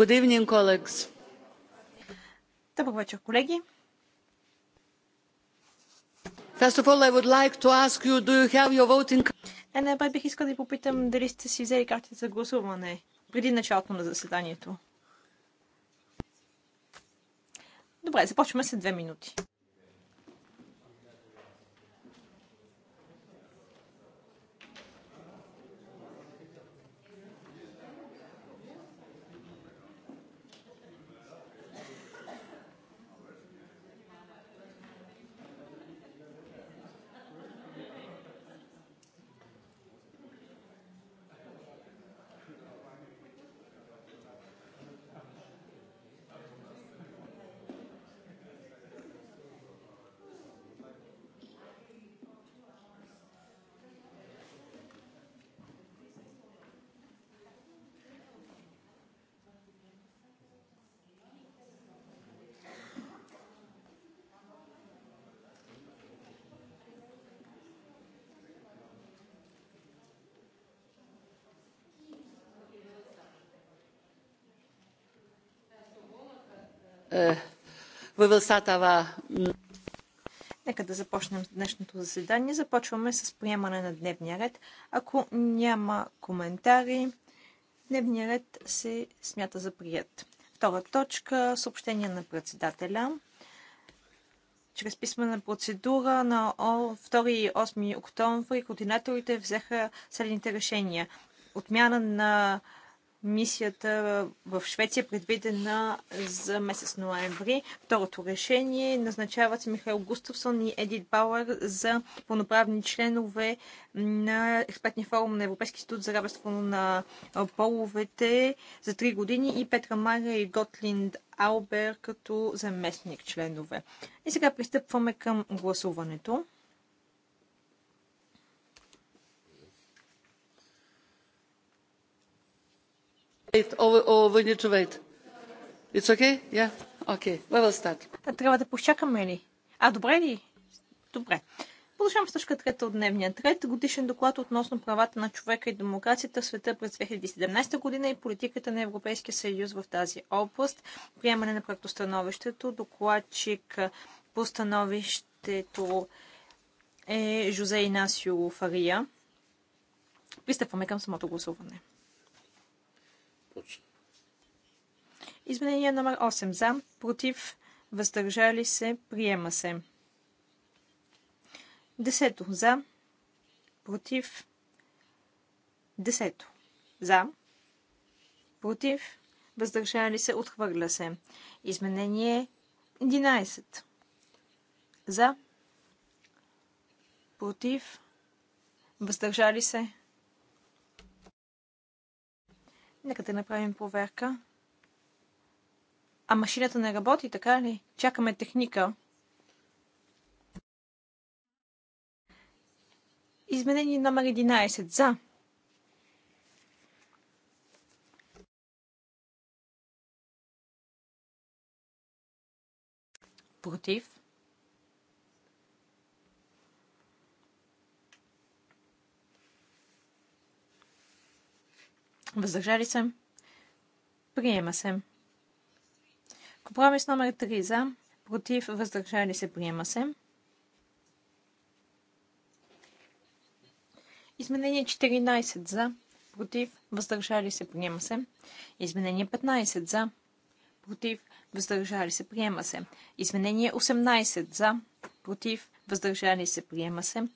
Good evening, colleagues. Добър вечер, колеги. First of all, I would like to ask you, do you have your voting... card? Е, не, бай бих искал да ви попитам дали сте си взели картите за гласуване преди началото на заседанието. Добре, започваме след две минути. We will start our... Нека да започнем днешното заседание. Започваме с приемане на дневния ред. Ако няма коментари, дневния ред се смята за прият. Втора точка съобщение на председателя чрез писмена процедура на 2 и 8 октомври координаторите взеха следните решения. Отмяна на мисията в Швеция, предвидена за месец ноември. Второто решение назначават Михаил Густавсон и Едит Бауер за пълноправни членове на експертния форум на Европейски институт за равенство на половете за 3 години и Петра Мария и Готлинд Аубер като заместник членове. И сега пристъпваме към гласуването. Трябва да почакаме ли? А, добре ли? Добре. Продължавам с точка трета от дневния Трет Годишен доклад относно правата на човека и демокрацията в света през 2017 година и политиката на Европейския съюз в тази област. Приемане на проектостановището. Докладчик по становището е Жозе Инасио Фария. Пристъпваме към самото гласуване. Изменение номер 8 за, против, въздържали се, приема се. Десето за, против, десето за, против, въздържали се, отхвърля се. Изменение 11 за, против, въздържали се. Нека да направим проверка. А машината не работи, така ли? Чакаме техника. Изменение номер 11. За. Против. Въздържали се. Приема се. Компромис номер 3 за, против, въздържали се, приема се. Изменение 14 за, против, въздържали се, приема се. Изменение 15 за, против, въздържали се, приема се. Изменение 18 за, против, въздържали се, приема се.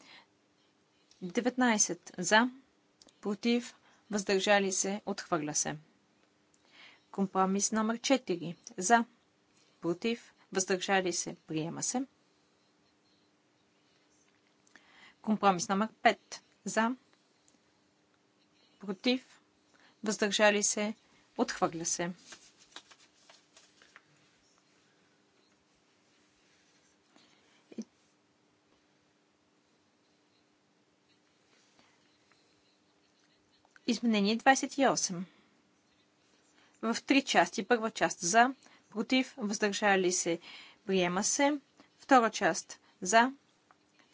19 за, против, въздържали се, отхвърля се. Компромис номер 4 за, против, въздържали се, приема се. Компромис номер 5 за, против, въздържали се, отхвърля се. Изменение 28. В три части. Първа част за, против, въздържали се, приема се. Втора част за,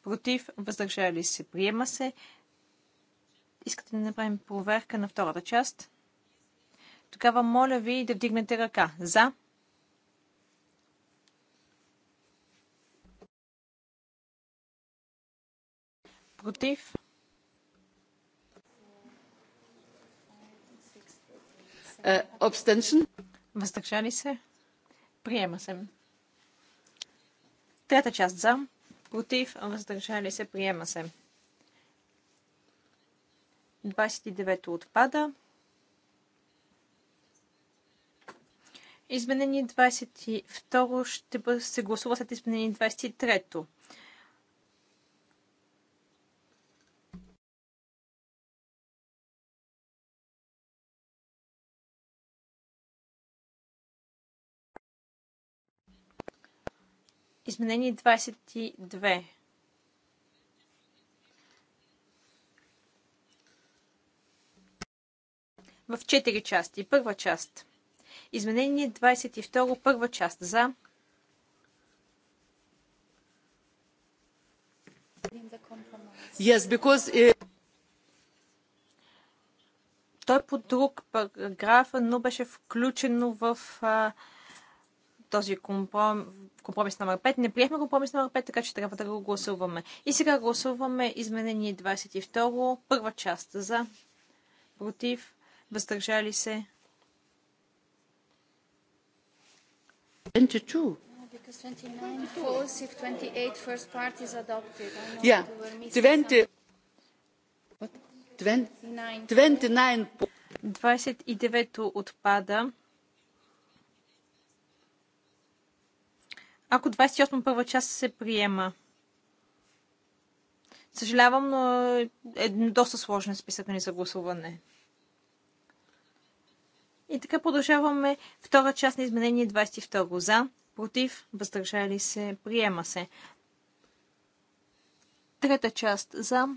против, въздържали се, приема се. Искате да направим проверка на втората част? Тогава моля ви да вдигнете ръка. За. Против. Обстеншн. Е, uh, Въздържали се. Приема се. Трета част за. Против. Въздържали се. Приема се. 29-то отпада. Изменение 22 ще се гласува след изменение 23-то. Изменение 22. В 4 части. Първа част. Изменение 22. Първа част. За. Yes, because it... Uh, Той по друг параграф, но беше включено в uh, този компромис, компромис номер 5. Не приехме компромис номер 5, така че трябва да го гласуваме. И сега гласуваме изменение 22, първа част за, против, въздържали се. 22. 29 yeah. 29. 29 отпада. Ако 28 първа част се приема. Съжалявам, но е доста сложен списък ни за гласуване. И така продължаваме втора част на изменение 22 за, против, въздържали се, приема се. Трета част за,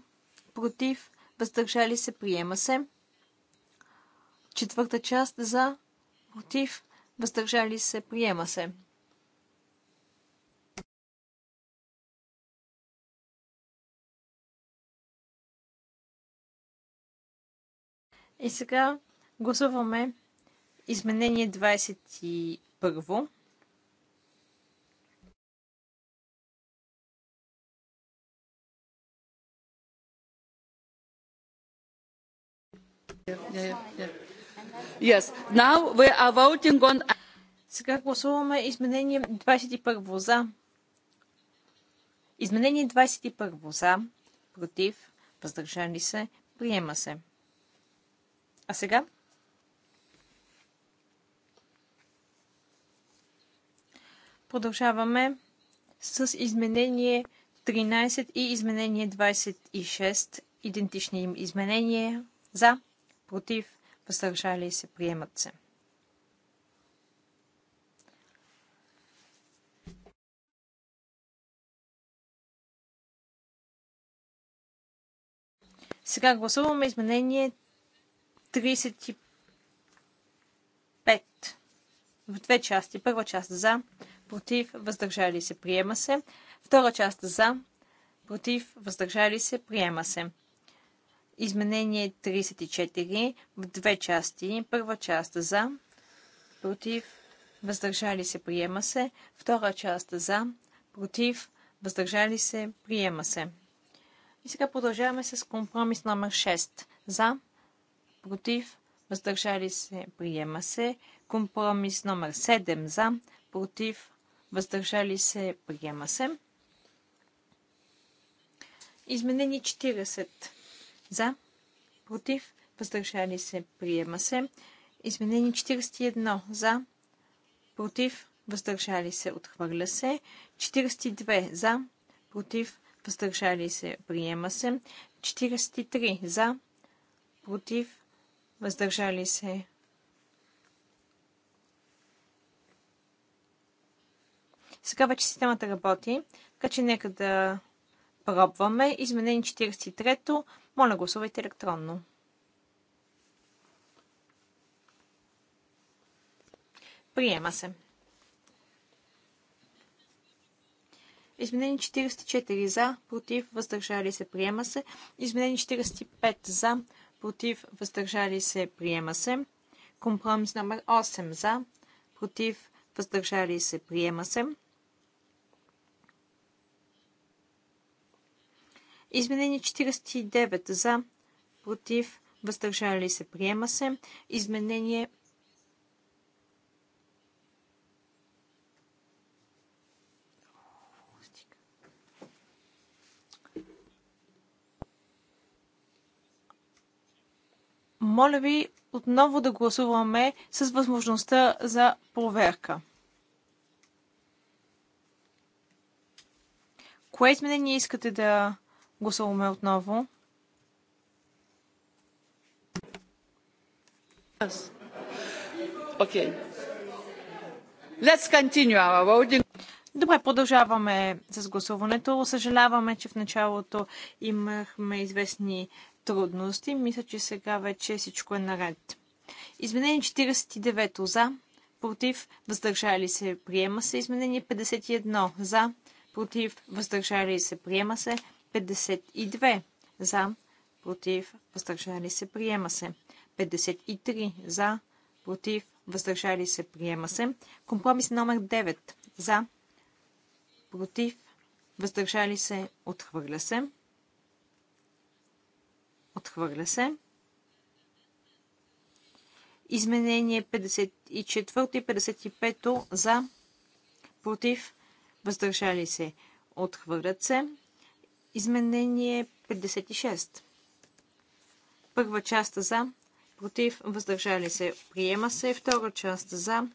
против, въздържали се, приема се. Четвърта част за, против, въздържали се, приема се. И сега гласуваме изменение 21. Yeah, yeah, yeah. Yes. Now we are voting on... Сега гласуваме изменение 21 за. Изменение 21 за. Против. Въздържали се. Приема се. А сега? Продължаваме с изменение 13 и изменение 26. Идентични им изменения. За, против, въздържали се, приемат се. Сега гласуваме изменение 35 в две части. Първа част за, против, въздържали се, приема се. Втора част за, против, въздържали се, приема се. Изменение 34 в две части. Първа част за, против, въздържали се, приема се. Втора част за, против, въздържали се, приема се. И сега продължаваме с компромис номер 6. За, против, въздържали се, приема се. Компромис номер 7 за, против, въздържали се, приема се. Изменени 40 за, против, въздържали се, приема се. Изменени 41 за, против, въздържали се, отхвърля се. 42 за, против, въздържали се, приема се. 43 за, против, въздържали се. Сега вече системата работи, така че нека да пробваме. Изменение 43-то. Моля, гласувайте електронно. Приема се. Изменени 44 за, против, въздържали се, приема се. Изменени 45 за, против, въздържали се, приема се. Компромис номер 8 за, против, въздържали се, приема се. Изменение 49 за, против, въздържали се, приема се. Изменение 50 моля ви отново да гласуваме с възможността за проверка. Кое изменение искате да гласуваме отново? Yes. Okay. Let's continue our voting. Добре, продължаваме с гласуването. Съжаляваме, че в началото имахме известни трудности. Мисля, че сега вече всичко е наред. Изменение 49 за, против, въздържали се, приема се. Изменение 51 за, против, въздържали се, приема се. 52 за, против, въздържали се, приема се. 53 за, против, въздържали се, приема се. Компромис номер 9 за, против, въздържали се, отхвърля се. Отхвърля се. Изменение 54 и 55 за, против, въздържали се. Отхвърлят се. Изменение 56. Първа част за, против, въздържали се. Приема се. Втора част за,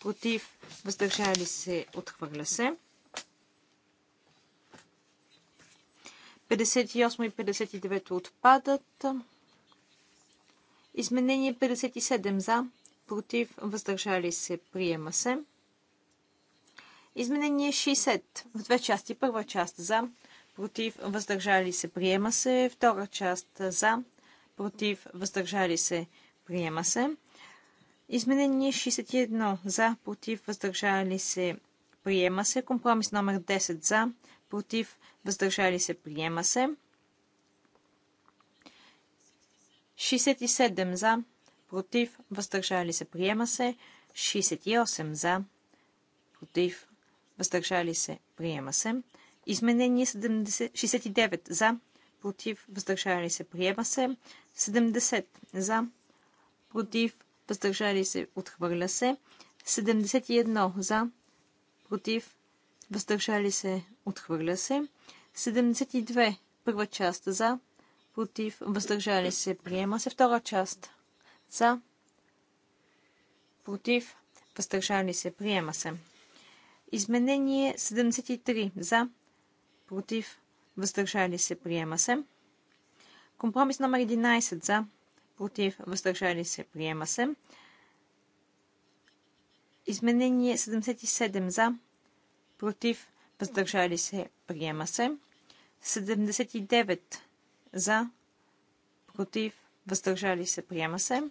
против, въздържали се. Отхвърля се. 58 и 59 отпадат. Изменение 57 за, против, въздържали се, приема се. Изменение 60 в две части. Първа част за, против, въздържали се, приема се. Втора част за, против, въздържали се, приема се. Изменение 61 за, против, въздържали се, приема се. Компромис номер 10 за, против, въздържали се, приема се. 67 за, против, въздържали се, приема се. 68 за, против, въздържали се, приема се. Изменение 70, 69 за, против, въздържали се, приема се. 70 за, против, въздържали се, отхвърля се. 71 за, против, въздържали се, Отхвърля се. 72. Първа част за. Против. Въздържали се. Приема се. Втора част за. Против. Въздържали се. Приема се. Изменение 73. За. Против. Въздържали се. Приема се. Компромис номер 11. За. Против. Въздържали се. Приема се. Изменение 77. За. Против въздържали се, приема се. 79 за, против, въздържали се, приема се.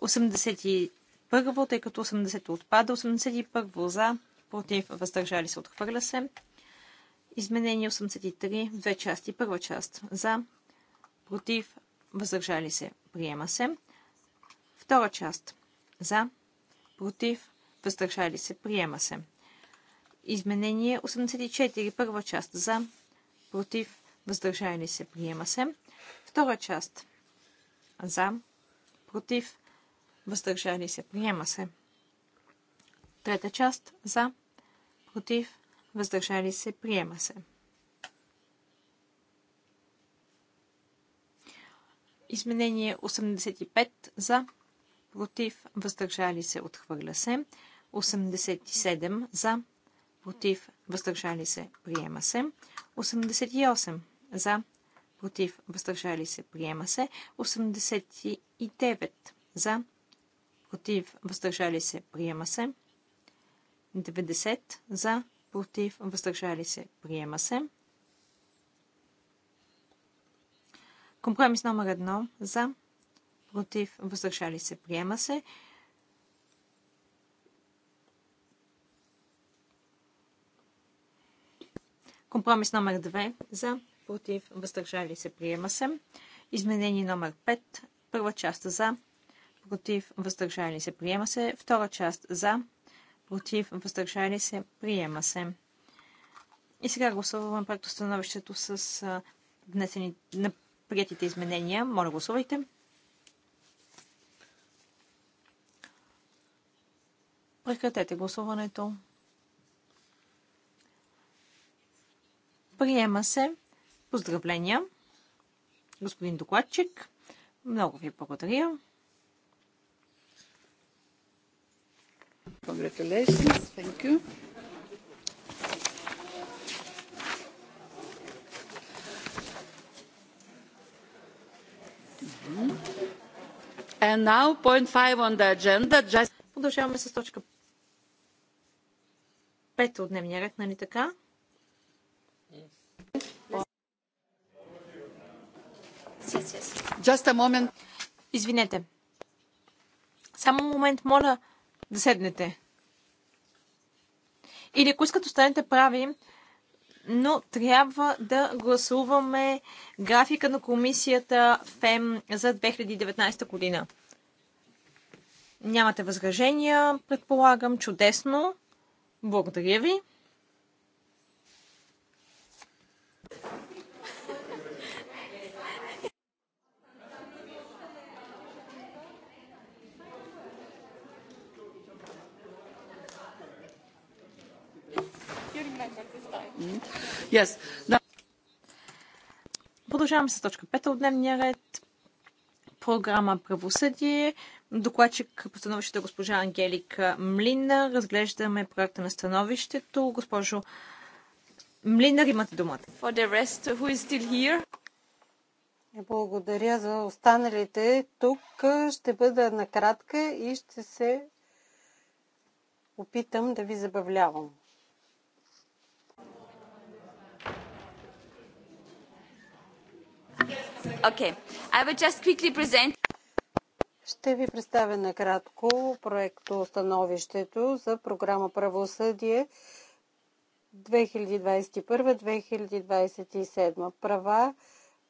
81, тъй като 80 отпада, 81 за, против, въздържали се, отхвърля се. Изменение 83, две части, първа част за, против, въздържали се, приема се. Втора част за, против, въздържали се, приема се. Изменение 84, първа част за, против, въздържали се, приема се. Втора част за, против, въздържали се, приема се. Трета част за, против, въздържали се, приема се. Изменение 85 за, против, въздържали се, отхвърля се. 87 за, против, въздържали се, приема се. 88 за, против, въздържали се, приема се. 89 за, против, въздържали се, приема се. 90 за, против, въздържали се, приема се. Компромис номер 1 за, против, въздържали се, приема се. Компромис номер 2 за против, въздържали се, приема се. Изменение номер 5, първа част за, против, въздържали се, приема се. Втора част за, против, въздържали се, приема се. И сега гласуваме проекто становището с внесени, на приятите изменения. Моля, гласувайте. Прекратете гласуването. Приема се. Поздравления, господин докладчик. Много ви благодаря. Congratulations. Thank you. Mm-hmm. And now, point five on the agenda. Just... Продължаваме с точка 5 от дневния ред, нали така? yes, yes. Just a moment. Извинете. Само момент, моля да седнете. Или ако искат, останете прави, но трябва да гласуваме графика на комисията ФЕМ за 2019 година. Нямате възражения, предполагам. Чудесно. Благодаря ви. Yes. Now... Продължаваме с точка 5 от дневния ред. Програма Правосъдие. Докладчик по становището е госпожа Ангелика Млина. Разглеждаме проекта на становището. Госпожо Млинар, имате думата. For the rest, who is still here? Е, благодаря за останалите. Тук ще бъда накратка и ще се опитам да ви забавлявам. Okay. I will just quickly present ще ви представя накратко проекто становището за програма Правосъдие 2021-2027. Права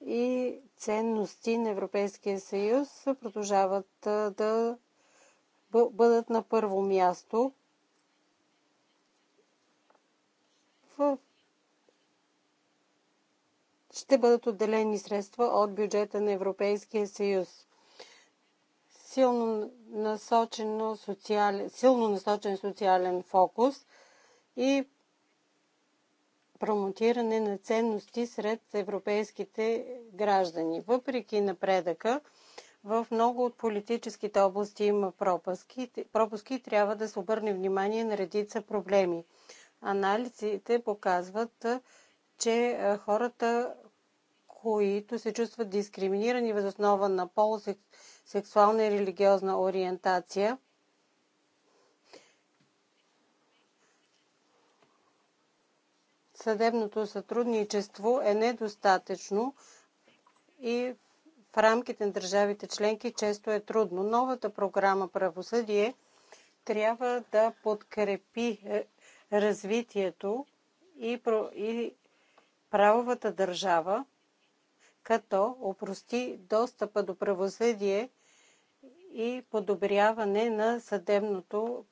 и ценности на Европейския съюз продължават да бъдат на първо място в ще бъдат отделени средства от бюджета на Европейския съюз. Силно, насочено социален, силно насочен социален фокус и промотиране на ценности сред европейските граждани. Въпреки напредъка, в много от политическите области има пропуски. Пропуски трябва да се обърне внимание на редица проблеми. Анализите показват, че хората които се чувстват дискриминирани въз основа на пол, сексуална и религиозна ориентация. Съдебното сътрудничество е недостатъчно и в рамките на държавите членки често е трудно. Новата програма Правосъдие трябва да подкрепи е, развитието и, правовата държава като опрости достъпа до правосъдие и подобряване на съдебното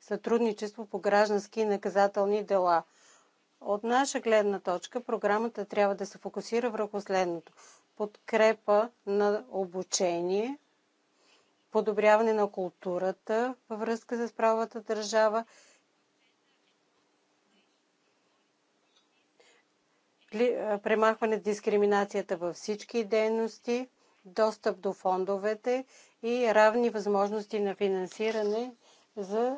сътрудничество по граждански и наказателни дела. От наша гледна точка програмата трябва да се фокусира върху следното. Подкрепа на обучение, подобряване на културата във връзка с правата държава, премахване на дискриминацията във всички дейности, достъп до фондовете и равни възможности на финансиране за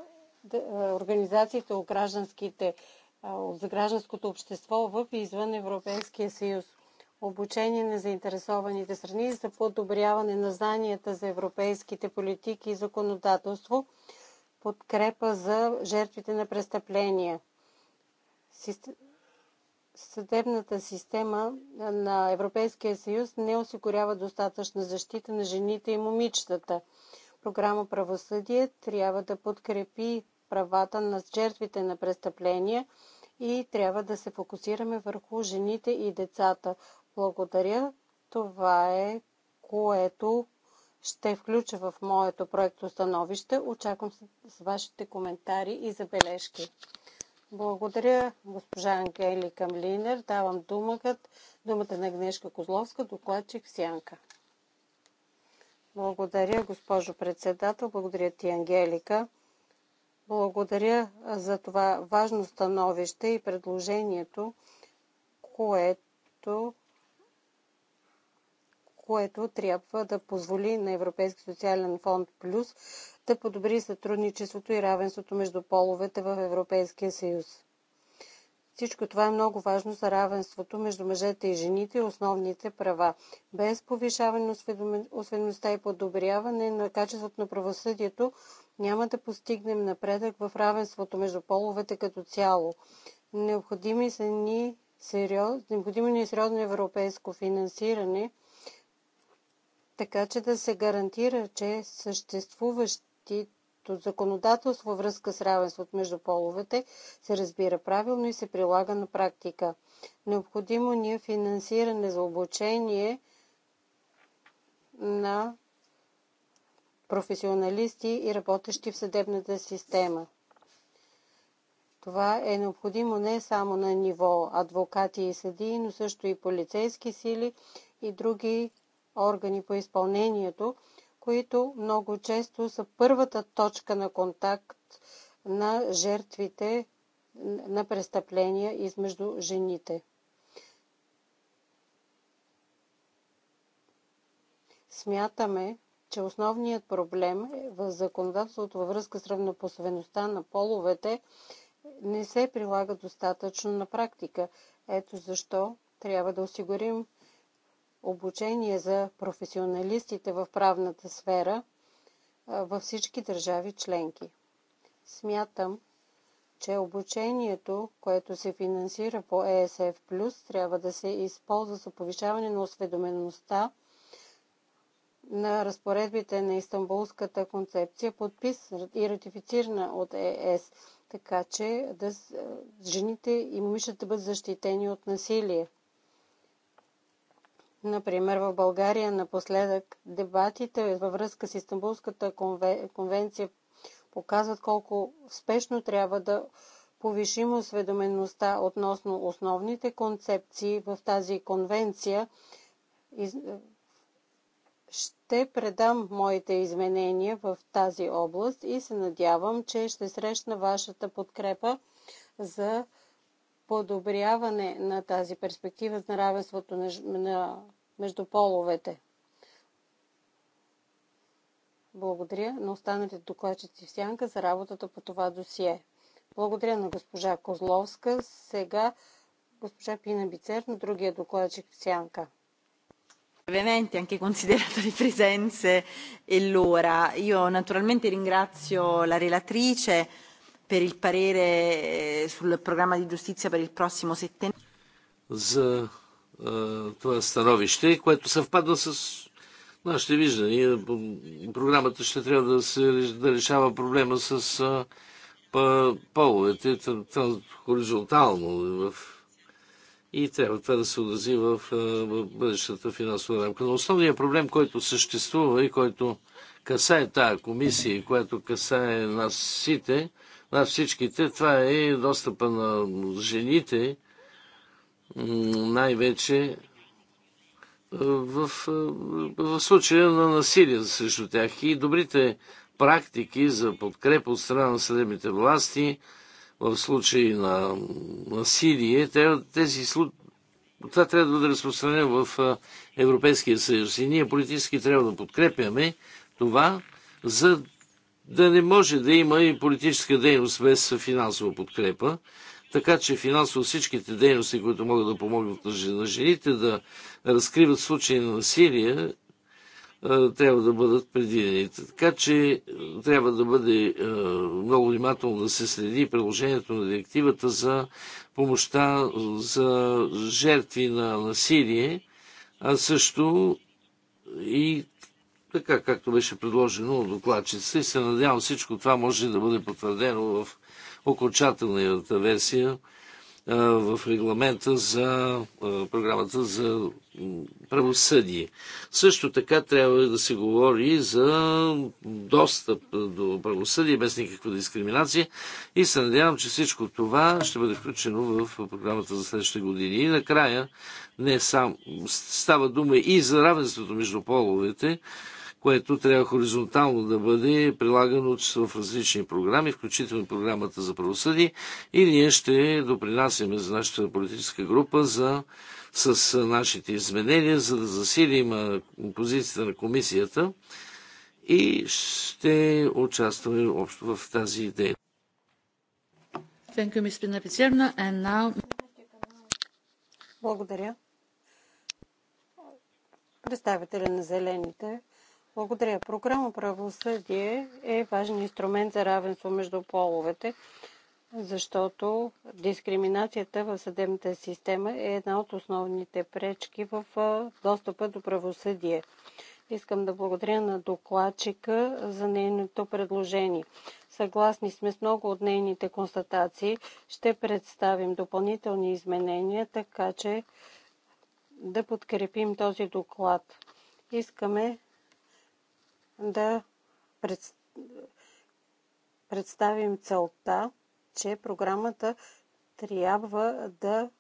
организациите от, гражданските, от гражданското общество в и извън Европейския съюз. Обучение на заинтересованите страни за подобряване на знанията за европейските политики и законодателство. Подкрепа за жертвите на престъпления съдебната система на Европейския съюз не осигурява достатъчна защита на жените и момичетата. Програма Правосъдие трябва да подкрепи правата на жертвите на престъпления и трябва да се фокусираме върху жените и децата. Благодаря. Това е което ще включа в моето проекто становище. Очаквам с вашите коментари и забележки. Благодаря, госпожа Ангели Камлинер. Давам думата, думата на Гнешка Козловска, докладчик в Сянка. Благодаря, госпожо председател. Благодаря ти, Ангелика. Благодаря за това важно становище и предложението, което което трябва да позволи на Европейски социален фонд Плюс да подобри сътрудничеството и равенството между половете в Европейския съюз. Всичко това е много важно за равенството между мъжете и жените и основните права. Без повишаване на осведомостта и подобряване на качеството на правосъдието няма да постигнем напредък в равенството между половете като цяло. Необходими са ни Необходимо ни е сериозно европейско финансиране – така че да се гарантира, че съществуващото законодателство във връзка с равенството между половете се разбира правилно и се прилага на практика. Необходимо ни е финансиране за обучение на професионалисти и работещи в съдебната система. Това е необходимо не само на ниво адвокати и съдии, но също и полицейски сили и други органи по изпълнението, които много често са първата точка на контакт на жертвите на престъпления измежду жените. Смятаме, че основният проблем е в законодателството във връзка с равнопосвеността на половете не се прилага достатъчно на практика. Ето защо трябва да осигурим обучение за професионалистите в правната сфера във всички държави членки. Смятам, че обучението, което се финансира по ЕСФ+, трябва да се използва за повишаване на осведомеността на разпоредбите на Истанбулската концепция, подпис и ратифицирана от ЕС, така че да, жените и момичета да бъдат защитени от насилие. Например, в България напоследък дебатите във връзка с Истанбулската конвенция показват колко спешно трябва да повишим осведомеността относно основните концепции в тази конвенция. Ще предам моите изменения в тази област и се надявам, че ще срещна вашата подкрепа за подобряване на тази перспектива на равенството на между половете. Благодаря на останалите докладчици в Сянка за работата по това досие. Благодаря на госпожа Козловска. Сега госпожа Пина Бицер на другия докладчик в Сянка. Ovviamente anche considerato le presenze e l'ora, io naturalmente ringrazio la relatrice per il parere eh, sul programma di giustizia per il prossimo settembre това становище, което съвпада с нашите виждания. Програмата ще трябва да, се, да решава проблема с а, половете там, хоризонтално. В... И трябва това да се отрази в, в бъдещата финансова рамка. Но основният проблем, който съществува и който касае тая комисия, която касае нас сите, нас всичките, това е достъпа на жените най-вече е, в, е, в случая на насилие срещу тях и добрите практики за подкрепа от страна на съдебните власти в случай на насилие, тези, това трябва да бъде разпространено в е, Европейския съюз. И ние политически трябва да подкрепяме това, за да не може да има и политическа дейност без финансова подкрепа така че финансово всичките дейности, които могат да помогнат на жените да разкриват случаи на насилие, трябва да бъдат предвидени. Така че трябва да бъде много внимателно да се следи приложението на директивата за помощта за жертви на насилие, а също и така както беше предложено от докладчица и се надявам всичко това може да бъде потвърдено в окончателната версия в регламента за програмата за правосъдие. Също така трябва да се говори за достъп до правосъдие без никаква дискриминация и се надявам, че всичко това ще бъде включено в програмата за следващите години. И накрая, не сам, става дума и за равенството между половете, което трябва хоризонтално да бъде прилагано в различни програми, включително програмата за правосъдие. И ние ще допринасяме за нашата политическа група за, с нашите изменения, за да засилим позицията на комисията и ще участваме общо в тази идея. Благодаря. Представителя на Зелените благодаря. Програма правосъдие е важен инструмент за равенство между половете, защото дискриминацията в съдебната система е една от основните пречки в достъпа до правосъдие. Искам да благодаря на докладчика за нейното предложение. Съгласни сме с много от нейните констатации. Ще представим допълнителни изменения, така че да подкрепим този доклад. Искаме да представим целта, че програмата трябва да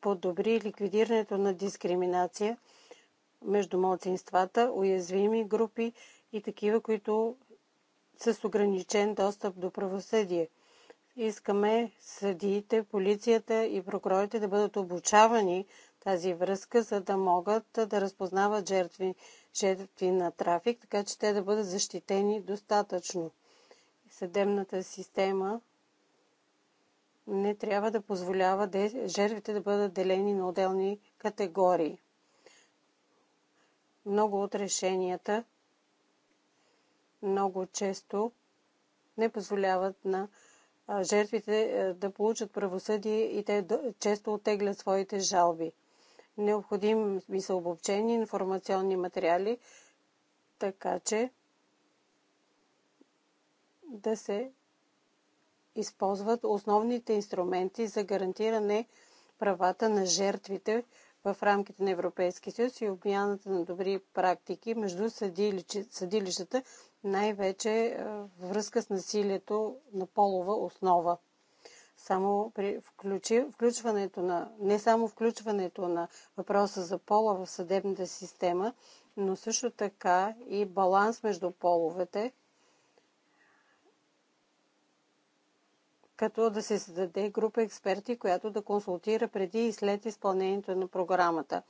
подобри ликвидирането на дискриминация между младсинствата, уязвими групи и такива, които с ограничен достъп до правосъдие. Искаме съдиите, полицията и прокурорите да бъдат обучавани тази връзка, за да могат да разпознават жертви жертви на трафик, така че те да бъдат защитени достатъчно. Съдебната система не трябва да позволява жертвите да бъдат делени на отделни категории. Много от решенията много често не позволяват на жертвите да получат правосъдие и те често оттеглят своите жалби. Необходими са обобщени информационни материали, така че да се използват основните инструменти за гарантиране правата на жертвите в рамките на Европейския съюз и обмяната на добри практики между съдилищата, най-вече е, връзка с насилието на полова основа. Само при включването на, не само включването на въпроса за пола в съдебната система, но също така и баланс между половете, като да се създаде група експерти, която да консултира преди и след изпълнението на програмата.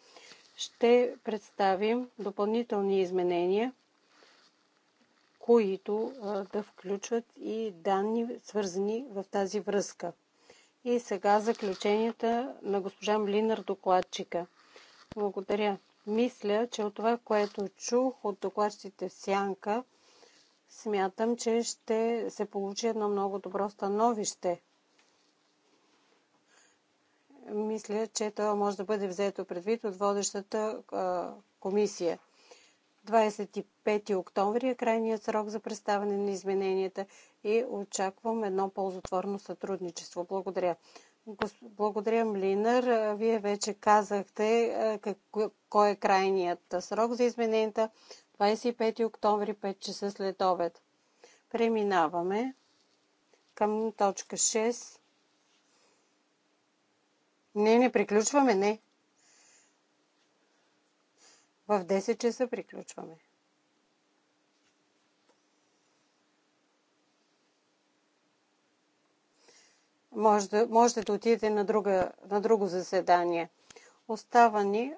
Ще представим допълнителни изменения които да включват и данни, свързани в тази връзка. И сега заключенията на госпожа Млинар, докладчика. Благодаря. Мисля, че от това, което чух от докладчите в Сянка, смятам, че ще се получи едно много добро становище. Мисля, че това може да бъде взето предвид от водещата комисия. 25 октомври е крайният срок за представяне на измененията и очаквам едно ползотворно сътрудничество. Благодаря. Благодаря, Млинар. Вие вече казахте кой е крайният срок за измененията. 25 октомври, 5 часа след обед. Преминаваме към точка 6. Не, не приключваме, не. В 10 часа приключваме. Може да, можете да отидете на, друга, на друго заседание. Остава ни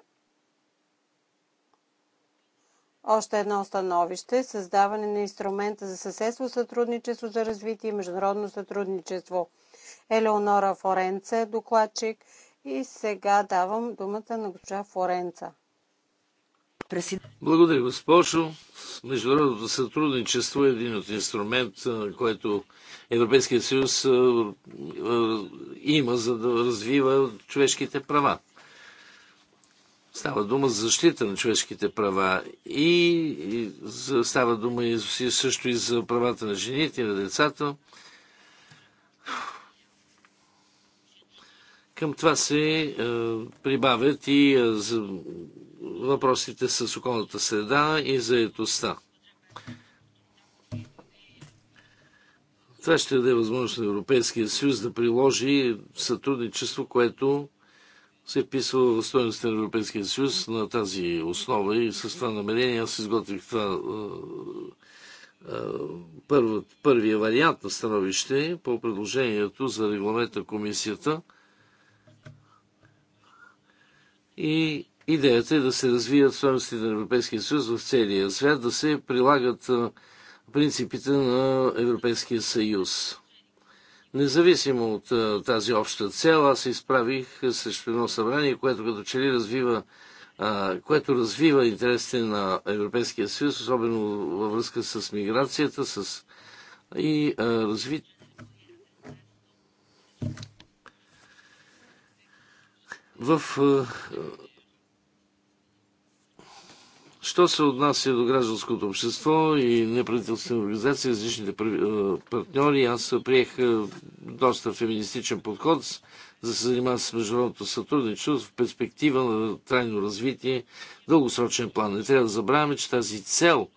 още едно становище – създаване на инструмента за съседство, сътрудничество за развитие и международно сътрудничество. Елеонора Форенца е докладчик и сега давам думата на госпожа Форенца. Благодаря, госпожо. Международното сътрудничество е един от инструмент, който Европейския съюз има, за да развива човешките права. Става дума за защита на човешките права и става дума и също и за правата на жените и на децата. Към това се е, прибавят и е, за въпросите с околната среда и заедостта. Това ще даде възможност на Европейския съюз да приложи сътрудничество, което се вписва в стоеността на Европейския съюз на тази основа и с това намерение аз изготвих това е, е първият, първия вариант на становище по предложението за регламент на комисията – и идеята е да се развият стоеностите на Европейския съюз в целия свят, да се прилагат принципите на Европейския съюз. Независимо от тази обща цел, аз изправих срещу едно събрание, което като че ли развива което развива интересите на Европейския съюз, особено във връзка с миграцията с и развит В е, е, Що се отнася до гражданското общество и неправителствени организации, различните е, партньори, аз приех доста феминистичен подход за да се занимава с международното сътрудничество в перспектива на трайно развитие, дългосрочен план. Не трябва да забравяме, че тази цел,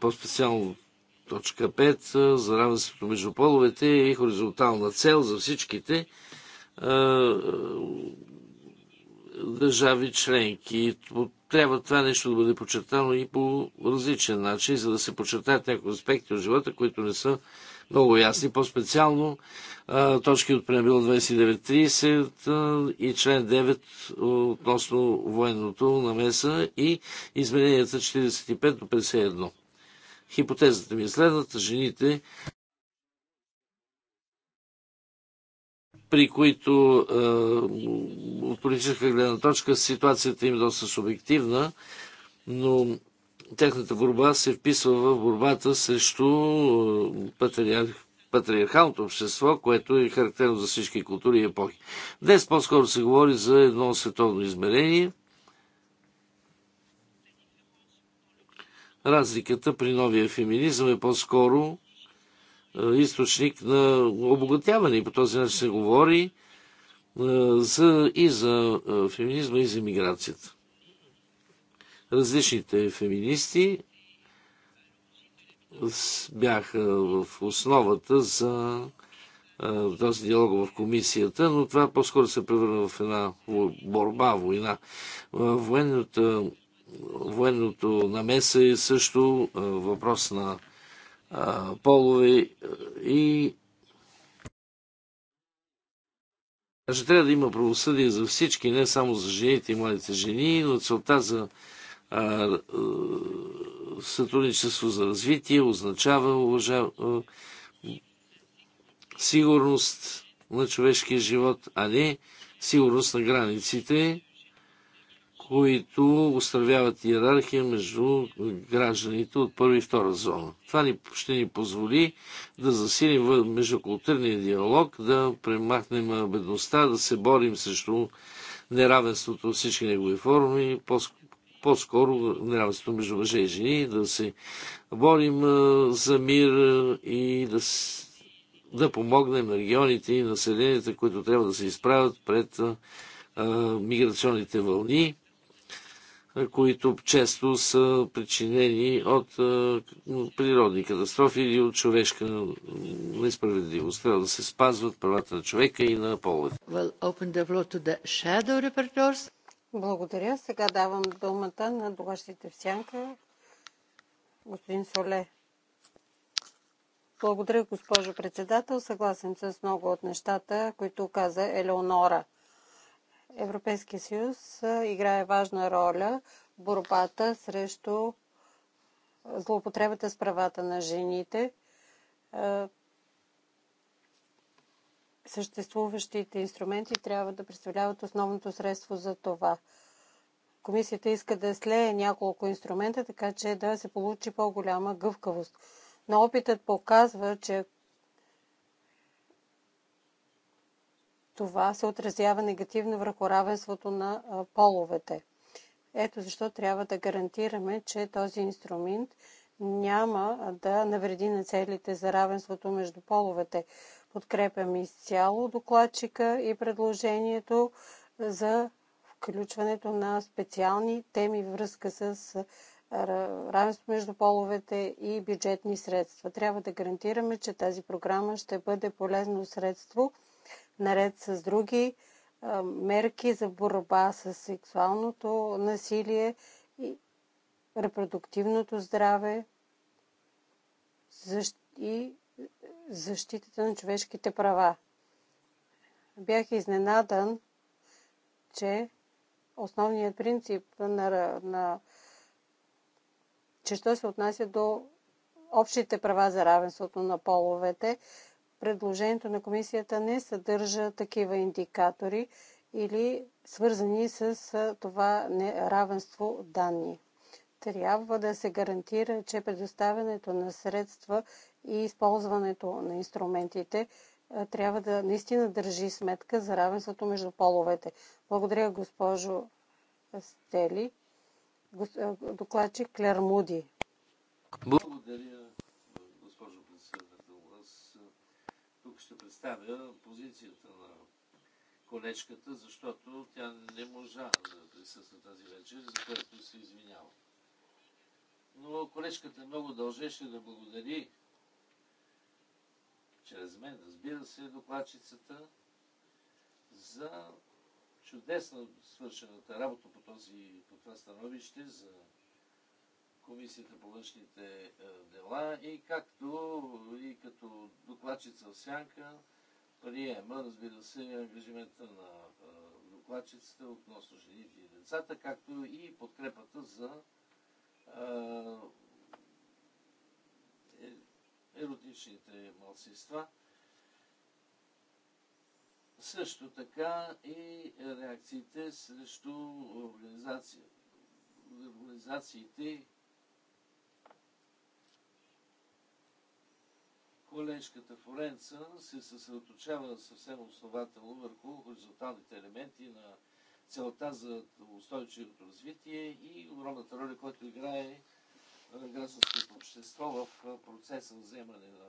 по-специално точка 5 за равенството между половете е хоризонтална цел за всичките държави членки. Трябва това нещо да бъде подчертано и по различен начин, за да се почертаят някои аспекти от живота, които не са много ясни. По-специално точки от преамбил 29.30 и член 9 относно военното намеса и измененията 45 до 51. Хипотезата ми е следната. Жените при които е, от политическа гледна точка ситуацията им е доста субективна, но тяхната борба се вписва в борбата срещу е, патриарх, патриархалното общество, което е характерно за всички култури и епохи. Днес по-скоро се говори за едно световно измерение. Разликата при новия феминизъм е по-скоро е, източник на обогатяване и по този начин се говори е, за, и за е, феминизма, и за миграцията. Различните феминисти бяха в основата за този диалог в комисията, но това по-скоро се превърна в една борба, война. Военното, военното намеса е също въпрос на полове и Значи трябва да има правосъдие за всички, не само за жените и младите жени, но целта за а, а, сътрудничество за развитие означава уважа, а, сигурност на човешкия живот, а не сигурност на границите които устравяват иерархия между гражданите от първа и втора зона. Това ни, ще ни позволи да засилим междукултурния диалог, да премахнем бедността, да се борим срещу неравенството във всички негови форми, по-скоро неравенството между мъже и жени, да се борим за мир и да, да помогнем на регионите и населенията, които трябва да се изправят пред миграционните вълни които често са причинени от е, природни катастрофи или от човешка несправедливост. Трябва да се спазват правата на човека и на половете. Благодаря. Сега давам думата на догащите в сянка. Господин Соле. Благодаря, госпожо председател. Съгласен с много от нещата, които каза Елеонора – Европейския съюз играе важна роля в борбата срещу злоупотребата с правата на жените. Съществуващите инструменти трябва да представляват основното средство за това. Комисията иска да слее няколко инструмента, така че да се получи по-голяма гъвкавост. Но опитът показва, че това се отразява негативно върху равенството на половете. Ето защо трябва да гарантираме, че този инструмент няма да навреди на целите за равенството между половете. Подкрепям изцяло докладчика и предложението за включването на специални теми във връзка с равенство между половете и бюджетни средства. Трябва да гарантираме, че тази програма ще бъде полезно средство наред с други мерки за борба с сексуалното насилие и репродуктивното здраве и защитата на човешките права. Бях изненадан, че основният принцип на, на че що се отнася до общите права за равенството на половете, предложението на комисията не съдържа такива индикатори или свързани с това неравенство данни. Трябва да се гарантира, че предоставянето на средства и използването на инструментите трябва да наистина държи сметка за равенството между половете. Благодаря, госпожо Стели. Докладчик Клермуди. Благодаря, госпожо председател. Тук ще представя позицията на колечката, защото тя не можа да присъства тази вечер, за което се извинява. Но колечката много дължеше да благодари чрез мен, разбира се, докладчицата за чудесно свършената работа по, този, по това становище, за Комисията по външните е, дела и както и като докладчица в сянка приема, разбира се, ангажимента на е, докладчицата относно жените и децата, както и подкрепата за е, еротичните младсинства. Също така и реакциите срещу организация, организациите, колежката Форенца се съсредоточава съвсем основателно върху хоризонталните елементи на целта за устойчивото развитие и огромната роля, която играе гражданското общество в процеса на вземане на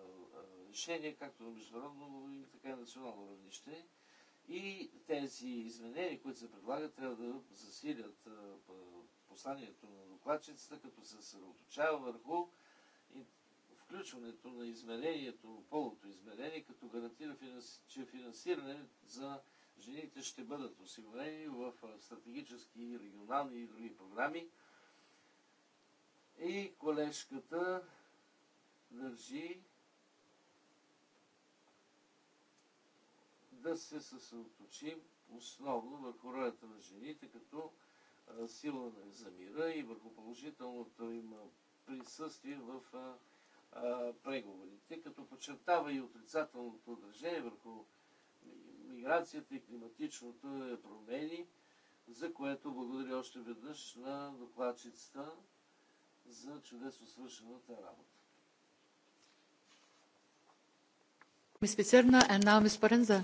решения, както на международно и така и национално равнище. И тези изменения, които се предлагат, трябва да засилят посланието на докладчицата, като се съсредоточава върху включването на измерението, полното измерение, като гарантира, че финансиране за жените ще бъдат осигурени в стратегически, регионални и други програми. И колежката държи да се съсредоточим основно върху ролята на жените като сила на замира и върху положителното им присъствие в преговорите, като подчертава и отрицателното отражение върху миграцията и климатичното промени, за което благодаря още веднъж на докладчицата за чудесно свършената работа. Мис Пицерна, Мис Паренза.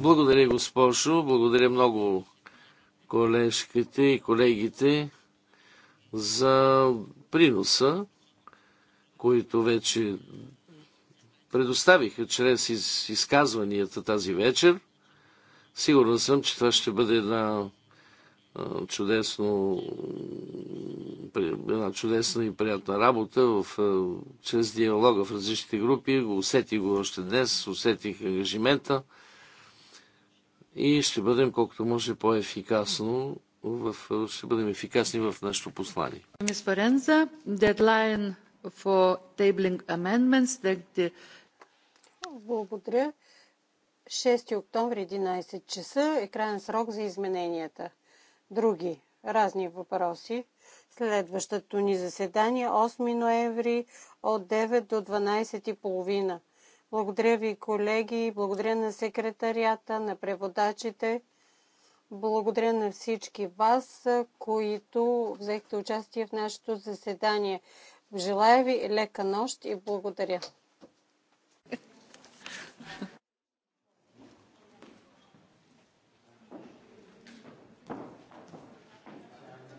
Благодаря, госпожо. Благодаря много колежките и колегите за приноса, които вече предоставиха чрез изказванията тази вечер. Сигурен съм, че това ще бъде една чудесно една чудесна и приятна работа в, чрез диалога в различните групи. Го усетих го още днес, усетих ангажимента и ще бъдем колкото може по-ефикасно в, ще бъдем ефикасни в нашето послание. Мис дедлайн for tabling amendments. Благодаря. 6 октомври 11 часа е крайен срок за измененията. Други разни въпроси. Следващото ни заседание 8 ноември от 9 до 12.30. Благодаря ви, колеги, благодаря на секретарията, на преводачите. Благодаря на всички вас, които взехте участие в нашето заседание. Желая ви лека нощ и благодаря.